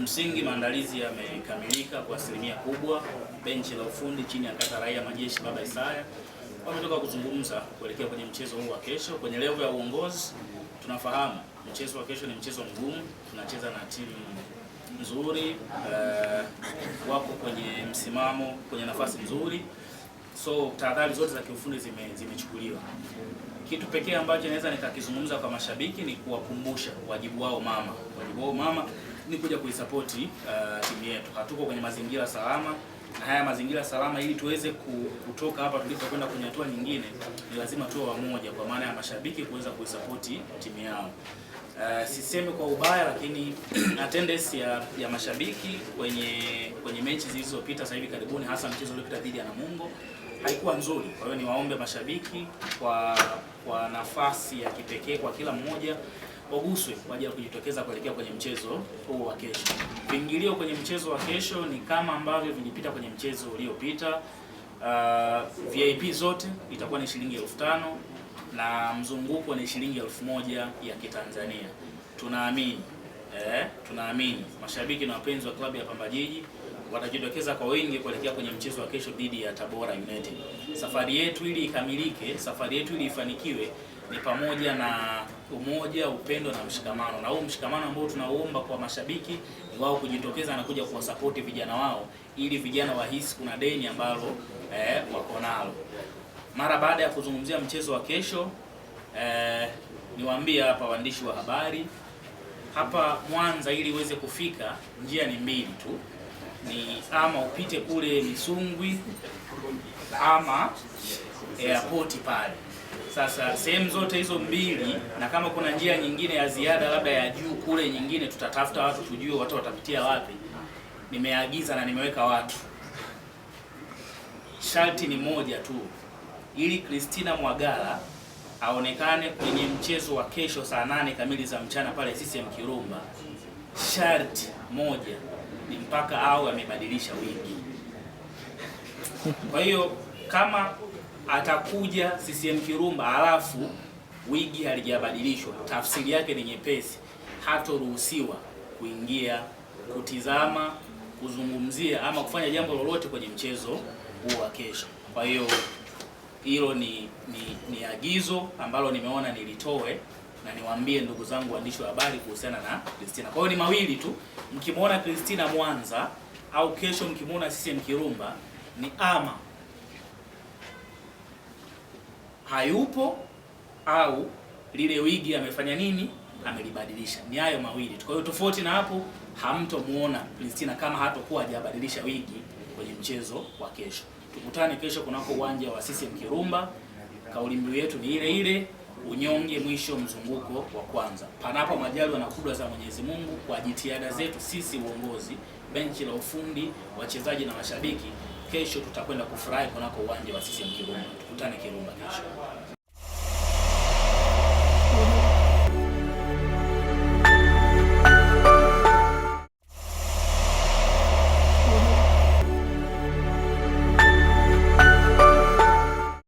Kimsingi maandalizi yamekamilika kwa asilimia kubwa. Benchi la ufundi chini ya kata raia majeshi baba Isaya wametoka kuzungumza kuelekea kwenye mchezo huu wa kesho. Kwenye level ya uongozi, tunafahamu mchezo wa kesho ni mchezo mgumu, tunacheza na timu nzuri uh, wako kwenye msimamo, kwenye nafasi nzuri, so tahadhari zote za kiufundi zimechukuliwa. Zime kitu pekee ambacho naweza nikakizungumza kwa mashabiki ni kuwakumbusha wajibu wao mama, wajibu wao mama ni kuja kuisapoti uh, timu yetu. Hatuko kwenye mazingira salama, na haya mazingira salama, ili tuweze kutoka hapa tulipo kwenda kwenye hatua nyingine, ni lazima tuwe wamoja, kwa maana ya mashabiki kuweza kuisapoti timu yao. Uh, sisemi kwa ubaya, lakini attendance ya, ya mashabiki kwenye kwenye mechi zilizopita sasa hivi karibuni, hasa mchezo uliopita dhidi ya Namungo haikuwa nzuri. Kwa hiyo niwaombe mashabiki kwa kwa nafasi ya kipekee kwa kila mmoja waguswe kwa ajili ya kujitokeza kuelekea kwenye mchezo huu wa kesho. Viingilio kwenye mchezo wa kesho ni kama ambavyo vilipita kwenye mchezo uliopita. Uh, VIP zote itakuwa ni shilingi elfu tano na mzunguko ni shilingi elfu moja ya Kitanzania. Tunaamini eh, tunaamini mashabiki na wapenzi wa klabu ya Pamba Jiji watajitokeza kwa wingi kuelekea kwenye mchezo wa kesho dhidi ya Tabora United. Safari yetu ili ikamilike, safari yetu ili ifanikiwe ni pamoja na umoja, upendo na mshikamano, na huu mshikamano ambao tunauomba kwa mashabiki ni wao kujitokeza na kuja kuwasapoti vijana wao, ili vijana wahisi kuna deni ambalo eh, wako nalo. Mara baada ya kuzungumzia mchezo wa kesho eh, niwaambie hapa waandishi wa habari hapa Mwanza, ili iweze kufika, njia ni mbili tu ni ama upite kule Misungwi ama airport pale. Sasa sehemu zote hizo mbili, na kama kuna njia nyingine ya ziada labda ya juu kule nyingine, tutatafuta watu tujue watu watapitia wapi. Nimeagiza na nimeweka watu, sharti ni moja tu, ili Christina Mwagala aonekane kwenye mchezo wa kesho saa nane kamili za mchana pale CCM Kirumba. Sharti moja ni mpaka au amebadilisha wingi. Kwa hiyo kama atakuja CCM Kirumba halafu wigi halijabadilishwa, tafsiri yake ni nyepesi, hatoruhusiwa kuingia, kutizama, kuzungumzia ama kufanya jambo lolote kwenye mchezo huo wa kesho. Kwa hiyo hilo ni, ni, ni agizo ambalo nimeona nilitoe na niwaambie ndugu zangu waandishi wa habari kuhusiana na kristina Kwa hiyo ni mawili tu, mkimwona kristina Mwanza au kesho mkimwona CCM Kirumba, ni ama hayupo au lile wigi amefanya nini, amelibadilisha. Ni hayo mawili tu. Kwa hiyo tofauti na hapo hamtomuona kristina kama hatakuwa hajabadilisha wigi kwenye mchezo wa kesho. Tukutane kesho kunako uwanja wa CCM Kirumba. Kauli mbiu yetu ni ile ile unyonge mwisho mzunguko wa kwanza, panapo majaliwa na kudwa za Mwenyezi Mungu, kwa jitihada zetu sisi uongozi, benchi la ufundi, wachezaji na mashabiki, kesho tutakwenda kufurahi kunako uwanja wa CCM Kirumba. Tukutane Kirumba kesho.